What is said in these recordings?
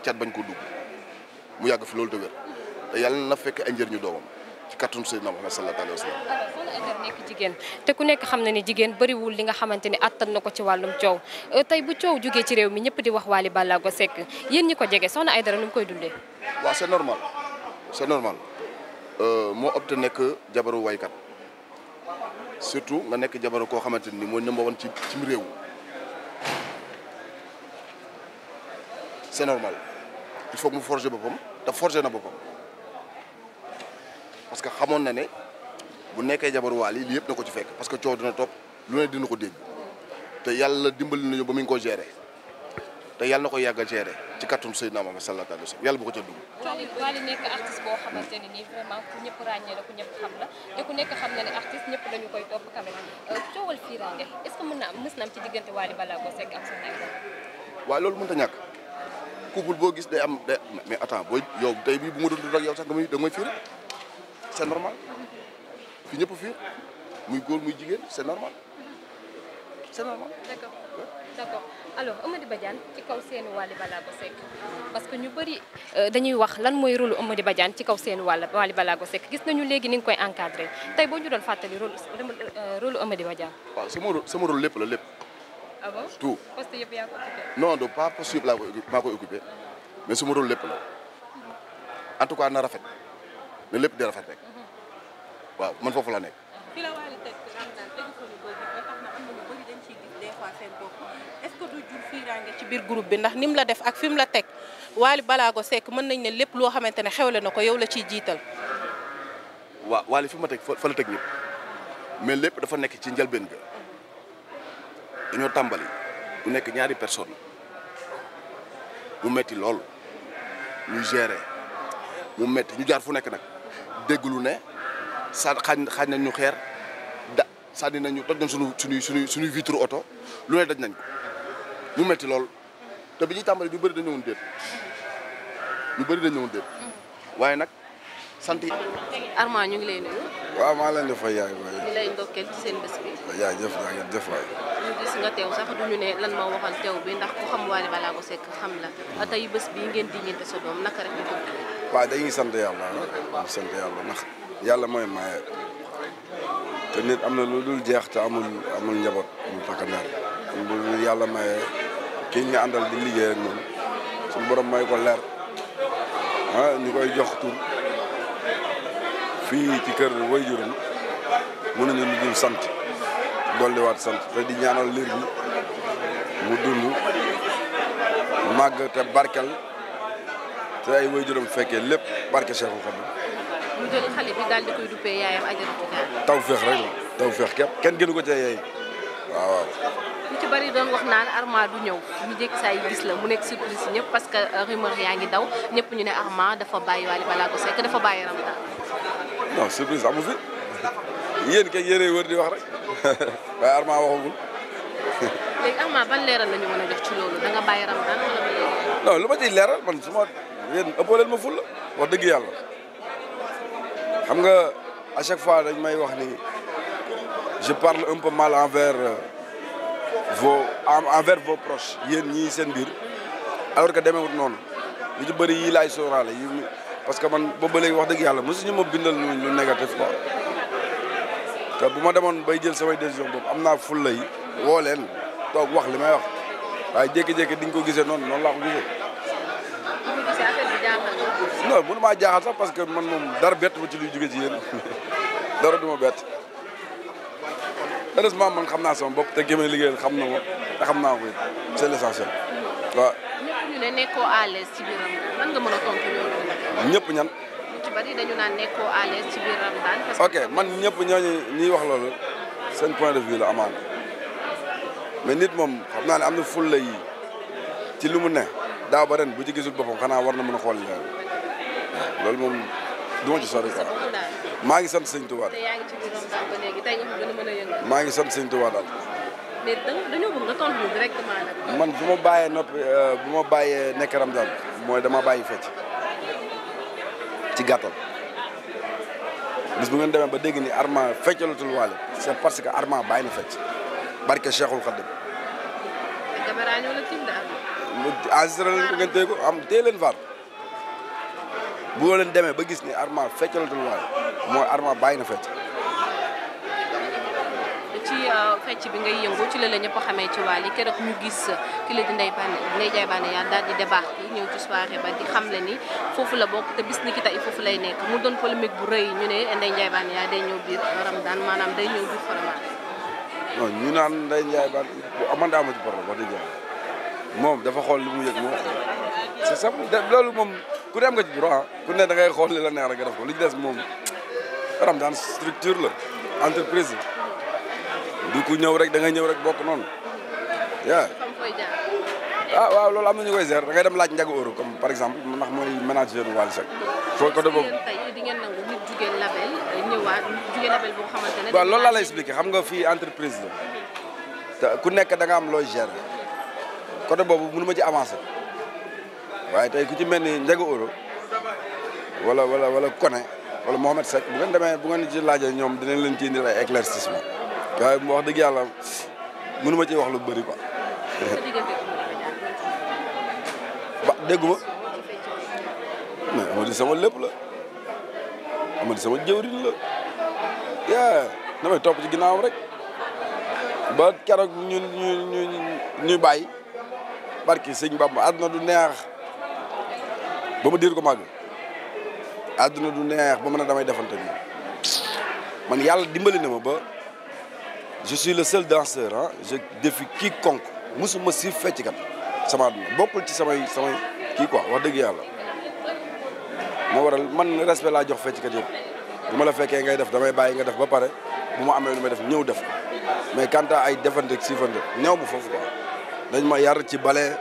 cat bañ ko dugg mu yàgg fi loolu te wér te yàlla na fekk ay njëriñu doomam ci kàttanu Seydina Muhammad sallallahu alayhi wa sallam. soxna te ku nekk xam na ne jigéen bëriwul li nga xamante ne attan na ko ci wàllum coow euh, tey bu coow jugee ci réew mi ñëpp di wax Wally Ballago Seck yéen ñi ko jege soxna Aida nu mu koy dundee. waaw c'est normal c'est normal euh, moo ëpp te nekk jabaru waykat surtout nga nekk jabaru koo xamante ni mooy number one ci ci réew c'est normal. il faut mu forger boppam te forger na boppam parce que xamoon na ne bu nekkee jabar Wally lii yëpp na ko ci fekk parce que coow dina topp lu ne dina ko dégg te yàlla dimbali nañu ba mu koo ko te yàlla na ko yàgg a gérer ci kàttanu Seydina Muhammad sallallahu alayhi wa sallam yàlla bu ko ca dugg. Wally nekk artiste boo xamante ne nii vraiment ku ñëpp ràññee la ku ñëpp xam la te ku nekk xam na ne artiste ñëpp dañu koy topp quand même euh, coowal fiiraange est mën couple boo gis day am day mais attends booy yow tey bu ma doon dund ak yow sax nga may da nga fiir c'est normal fi ñëpp fiir muy góor muy jigéen c'est normal c'est normal. d'accord d'accord alors Eumeudi ci kaw seen Wally Ballago Seck parce que ñu bëri euh, dañuy wax lan mooy rôle Eumeudi Badiane ci kaw seen wàll Wally Ballago Seck gis nañu léegi ni nga koy encadré tey boo ñu doon fàttali rôle euh, rôle Eumeudi Badiane. waaw sama rôle lépp la lépp. ah bon tout poste yëpp yaa non du pas poste yëpp laa koy maa mais su ma rôle lépp la en tout cas na rafet na lépp di rafet rek waaw man foofu la nekk. fi ci biir groupe bi ndax ni mu la def ak fi mu la teg Wally Ballago Seck mën nañ ne lépp loo xamante ne xewle na ko yow la ciy jiital. waaw Wally fi ma teg fa la teg ñëpp mais lépp dafa nekk ci njëlbeen ga. dañoo tàmbali bu nekk ñaari personne mu metti lool ñu géré mu metti ñu jaar fu nekk nag dégg lu ne sa xaañ xaañ nañ ñu xeer da sànni nañ ñu toj nañ suñu suñuy suñuy vitre oto lu ne daj nañ ko mu metti lool te bi ñuy tàmbali ñu bëri dañu woon déet bëri dañu woon waaye nag sant Armand ñu ngi lay nuyu. waaw maa leen di yaay ndokkeel ci seen bés bi. waaw jaajëf jaajëf waay. ñu gis bu teew xam la hmm. tey bés bii ngeen di ñeente sa naka rek ñu ko. waaw dañuy sant yàlla ah sant yàlla ndax yàlla mooy maye te nit am na lu dul jeex te amul amul njaboot mu takk yàlla maye kii nga àndal di liggéey ak moom suñu borom may ko leer ah ñu koy jox tur fii ci kër waajuram mënuñu lu dul sant dolliwaat sant te di ñaanal liir bi mu dund màgg te barkel te ay waajuram fekkee lépp barke Cheikhul Khadim. mu jël xale bi daal di koy duppee yaayam ajaratu ñaan. tawféex rek la tawféex képp kenn gënu ko cee yaay waaw waaw. ñu ci bari doon wax naan Arma du ñëw ñu jékki saa yi gis la mu nekk surprise ñëpp parce que rumeur yaa ngi daw ñëpp ñu ne Arma dafa bàyyi Wally Ballago Seck dafa bàyyi Ramda. non surprise amu fi. yéen kay yéenay wër di wax rek waaye Arma waxagul. léegi leeral lu ma ciy leeral man su ma yéen ëppoo ma ful wax dëgg yàlla xam nga à chaque fois dañ may wax ni je parle un peu mal envers euh, vos envers vos proches yéen ñii seen biir alors que demeewut noonu lu ci bëri yii laay sóoraale yi parce que man boobu ba léegi wax dëgg yàlla mosuñu ma bindal lu négatif quoi. te bu ma demoon bay jël samay décision boobu am naa fulla yi woo leen toog wax li may wax waaye jékki-jékki di ko gisee noonu noonu laa ko gisee. non mënu maa jaaxal sax parce que man moom dara bett ma ci luy jóge ci yéen dara du ma bett heureusement man xam naa sama bopp te gémé liggéeyal xam na ma te xam naa ko it c'est l'essentiel waaw. ñëpp nga mën a tontu ñëpp ñan. bari dañu naan ok man ñëpp ñooñu ñuy wax lool seen point de vue la amaana mais nit moom xam naa ne am na fulla yi ci li mu ne daa ba ren bu ci gisul boppam xanaa war na mën a xool loolu loolu moom du ci sori quoi maa ngi sant sëñ Tuubaa. maa ngi sant sëñ Tuubaa daal. man bu ma bàyyee noppi euh, bu ma bàyyee nekk Ramadan mooy dama bàyyi fecc ci gàttal bis ngeen demee ba dégg ni Arma feccalatul waale c'est parce que Arma bàyyi na fecc barke Cheikhul Khadim. caméra ñoo la tim de leen am téye leen far bu leen demee ba gis ni Arma feccalatul waale mooy Arma bàyyi na fecc. fecc bi ngay yëngu ci la la ñëpp xamee ci Wally keroog ñu gis ki la di Ndeye Bane Ndeye Ndiaye Bane yaa daal di débarqué ñëw ci soirée ba di xam le ni foofu la bokk te bis ni ki tey foofu lay nekk mu doon polémique bu rëy ñu ne Ndeye Ndiaye Bane yaa day ñëw biir Ramadan maanaam ñu naan Ndeye Ndiaye Bane man daa ma ci problème wax moom dafa xool lu mu yëg moo sa c'est ça loolu moom ku ne nga ci droit ku ne da ngay xool li la neex rek nga ko li ci des moom Ramadan structure la entreprise du ku ñëw rek dangay ñëw rek bokk noonu yaa ah waaw loolu am na ñu koy gérer da ngay dem laaj njagu euro comme par exemple ndax mooy manager Wally Seck foo côté boobu tey expliqué xam nga fii entreprise la te ku nekk da nga am looy gérer côté boobu mënu ma ci avancé waaye tey ku ci mel ni njagu euro wala wala wala Koné wala Mohamed Seck bu ngeen demee bu ngeen laaj laajee ñoom dinañ leen ci indil ay waaye bu wax dëgg yàlla mënu ma ci wax lu bëri quoi. ba dégg ma mais Amady sama lépp la Amady sama jëwriñ la yaa damay topp ci ginnaawam rek ba keroog ñu ñu ñu ñuy bàyyi barki sëñ Bamba àdduna du neex ba ma diir ko màgg àdduna du neex ba mën a damay defante bi man yàlla na ma ba. je suis le seul danseur ah je défie quiconque musuma si fecckat sama àdduna bokkul ci samay samay kii quoi wax dëgg yàlla moo waral man respect laa jox fecckat yëpp bu ma la fekkee ngay def damay bàyyi nga def ba pare bu ma amee lu may def ñëw def mais quant ay defante ak siifante ñëw ma foofu quoi dañ ma yar ci bale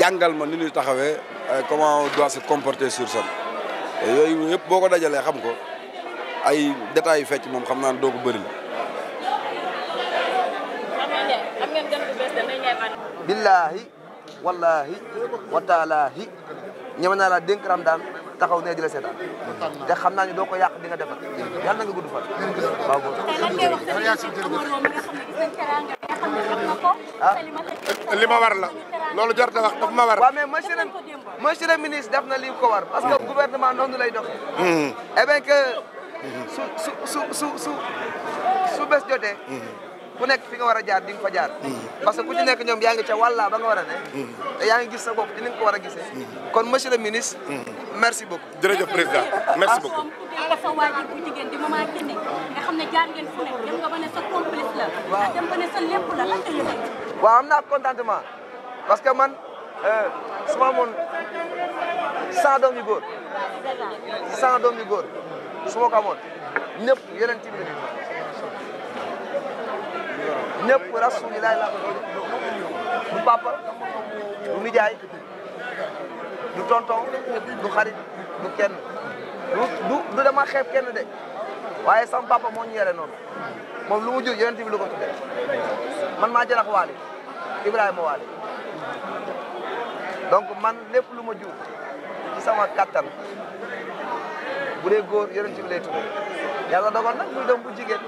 jàngal ma ni nuy taxawee euh, comment on doit se comporter sur scène yooyu yëpp boo ko dajalee xam ko ay détails fecc moom xam naa ne doo ko bëri billaahi wallaahi wataalaahi ñeme naa laa dénk Ramadaan taxaw ne di la seetaan te xam naa ne doo ko yàq di nga defar yàlla na nga gudd fan waaw boobu ah li ma war la loolu jot na wax daf ma war waaw mais monsieur monsieur ministre def na li ko war parce que hmm. gouvernement noonu lay doxee hmm. eh bien que hmm. su su su su su su ku nekk fi nga war a jaar di nga fa jaar hmm. parce que ku ci nekk ñoom yaa ngi ca wàllaa ba nga war a ne hmm. te yaa ngi gis sa bopp di ni nga ko war a gisee hmm. kon monsieur le ministre merci beaucoup jërëjëf président merci beaucoup nga sa waajur bu jigéen di maman Kine nga xam ne jaar ngeen waaw am naa contentement parce que man euh, su ma amoon cent doom yu góor cent doom yu góor su ma ko amoon ñëpp yeneen ci bi ñëpp rasulilaay la du papa du nijaay du tonton du xarit du kenn du du dama xeeb kenn de waaye sam papa moo ñu yore noonu moom lu mu jur yonent bi lu man maa jarax waali Ibrahima waali donc man lépp lu ma jur sama kattan bu dee góor yonent bi lay tudd yàlla dogal nag muy doom bu jigéen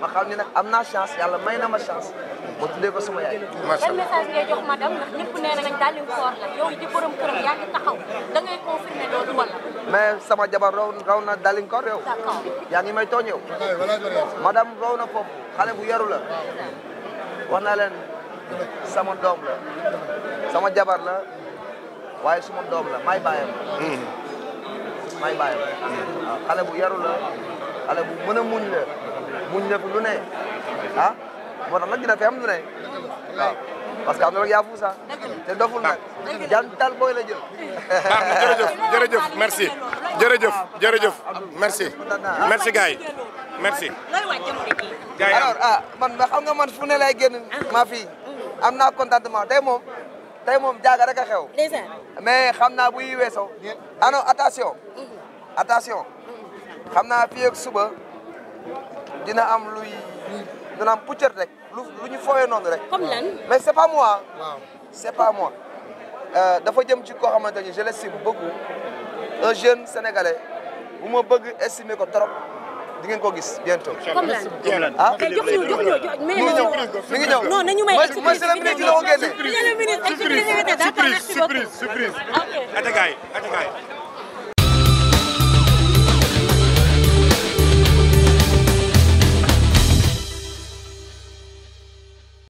ma xam ne nag am naa chance yàlla may na ma chance ma tuddee ko sama yaay. macha allah message la yow sama jabar raw na dalin koor yow. d'accord may tooñ yow. madame raw na foofu xale bu yaru la wax na leen sama doom la sama jabar la waaye suma doom la may bàyyam. Hmm. may bàyyi bu yaru la xale bu mën a muñ la muñ la fi lu ne ah, parce que am na rek yaa fuusa te doful nag jantal booy la jël baax na jërëjëf merci jërëjëf jërëjëf merci merci gars merci alors ah, man ma xam nga man fu ne lay génn fii am naa contentement tey moom tey moom jaaga rek a xew mais xam naa buy weesoo ano ah attention mm-hmm. attention xam naa fii ak suba dina am luy dina am rek lu lu ñu fooyee noonu rek. comme lan mais c' est pas moi. waaw pas moi. Euh, dafa jëm ci koo xamante ni je l' estime beaucoup un jeune sénégalais bu ma bëgg estimer ko trop di ngeen ko gis bientôt. comme lan ah. mais jox ñu jox ñu mais mi ngi ñëw mi ngi ñëw non nañu may. surprise bi ñu ñëw surprise surprise surprise surprise surprise surprise surprise surprise